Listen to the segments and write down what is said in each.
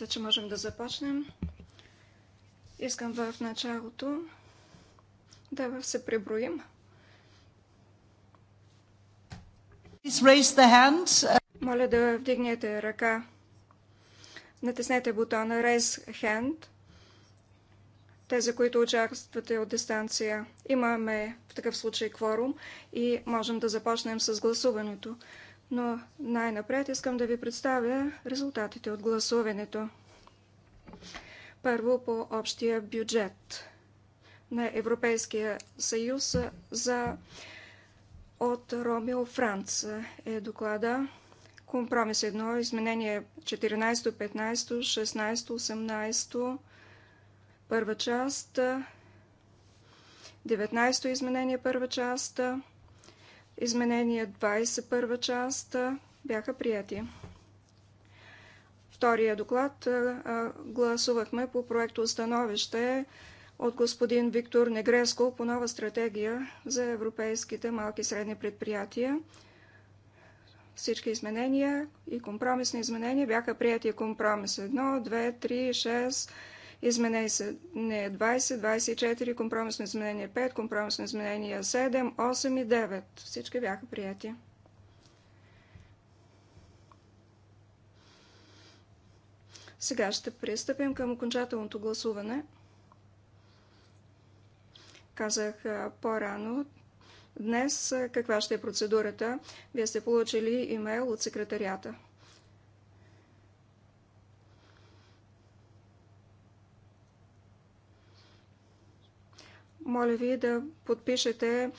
Мисля, че можем да започнем. Искам в началото да се преброим. Моля да вдигнете ръка. Натиснете бутона Raise Hand. Тези, които участвате от дистанция, имаме в такъв случай кворум и можем да започнем с гласуването но най-напред искам да ви представя резултатите от гласуването. Първо по общия бюджет на Европейския съюз за от Ромео Франц е доклада компромис 1, изменение 14, 15, 16, 18, първа част, 19 изменение първа част, Изменения 21 част бяха прияти. Втория доклад гласувахме по проекто установище от господин Виктор Негреско по нова стратегия за европейските малки и средни предприятия. Всички изменения и компромисни изменения бяха прияти компромис 1, 2, 3, 6, изменение 20, 24, компромисно изменение 5, компромисно изменение 7, 8 и 9. Всички бяха прияти. Сега ще пристъпим към окончателното гласуване. Казах по-рано, Днес каква ще е процедурата? Вие сте получили имейл от секретарията. моля ви да подпишете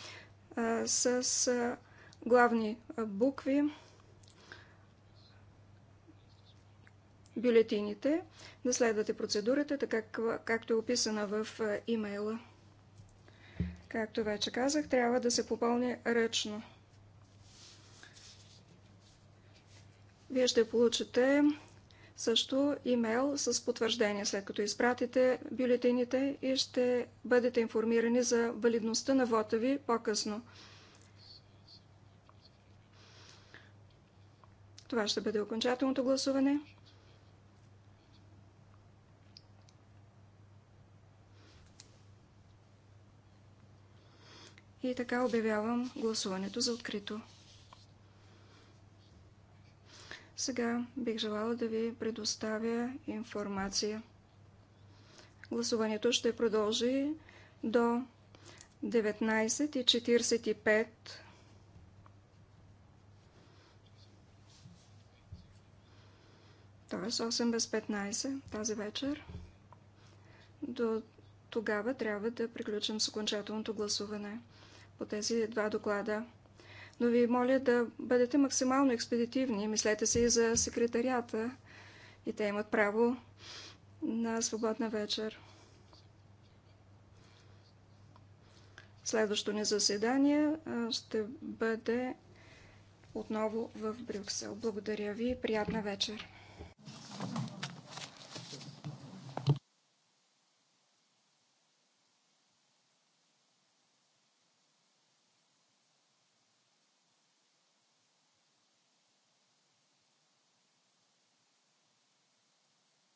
с главни букви бюлетините, да следвате процедурата, така както е описана в имейла. Както вече казах, трябва да се попълни ръчно. Вие ще получите също имейл с потвърждение, след като изпратите бюлетините и ще бъдете информирани за валидността на вота ви по-късно. Това ще бъде окончателното гласуване. И така обявявам гласуването за открито. Сега бих желала да ви предоставя информация. Гласуването ще продължи до 19.45. т.е. 8 без 15 тази вечер. До тогава трябва да приключим с окончателното гласуване по тези два доклада но ви моля да бъдете максимално експедитивни. Мислете се и за секретарията и те имат право на свободна вечер. Следващото ни заседание ще бъде отново в Брюксел. Благодаря ви и приятна вечер!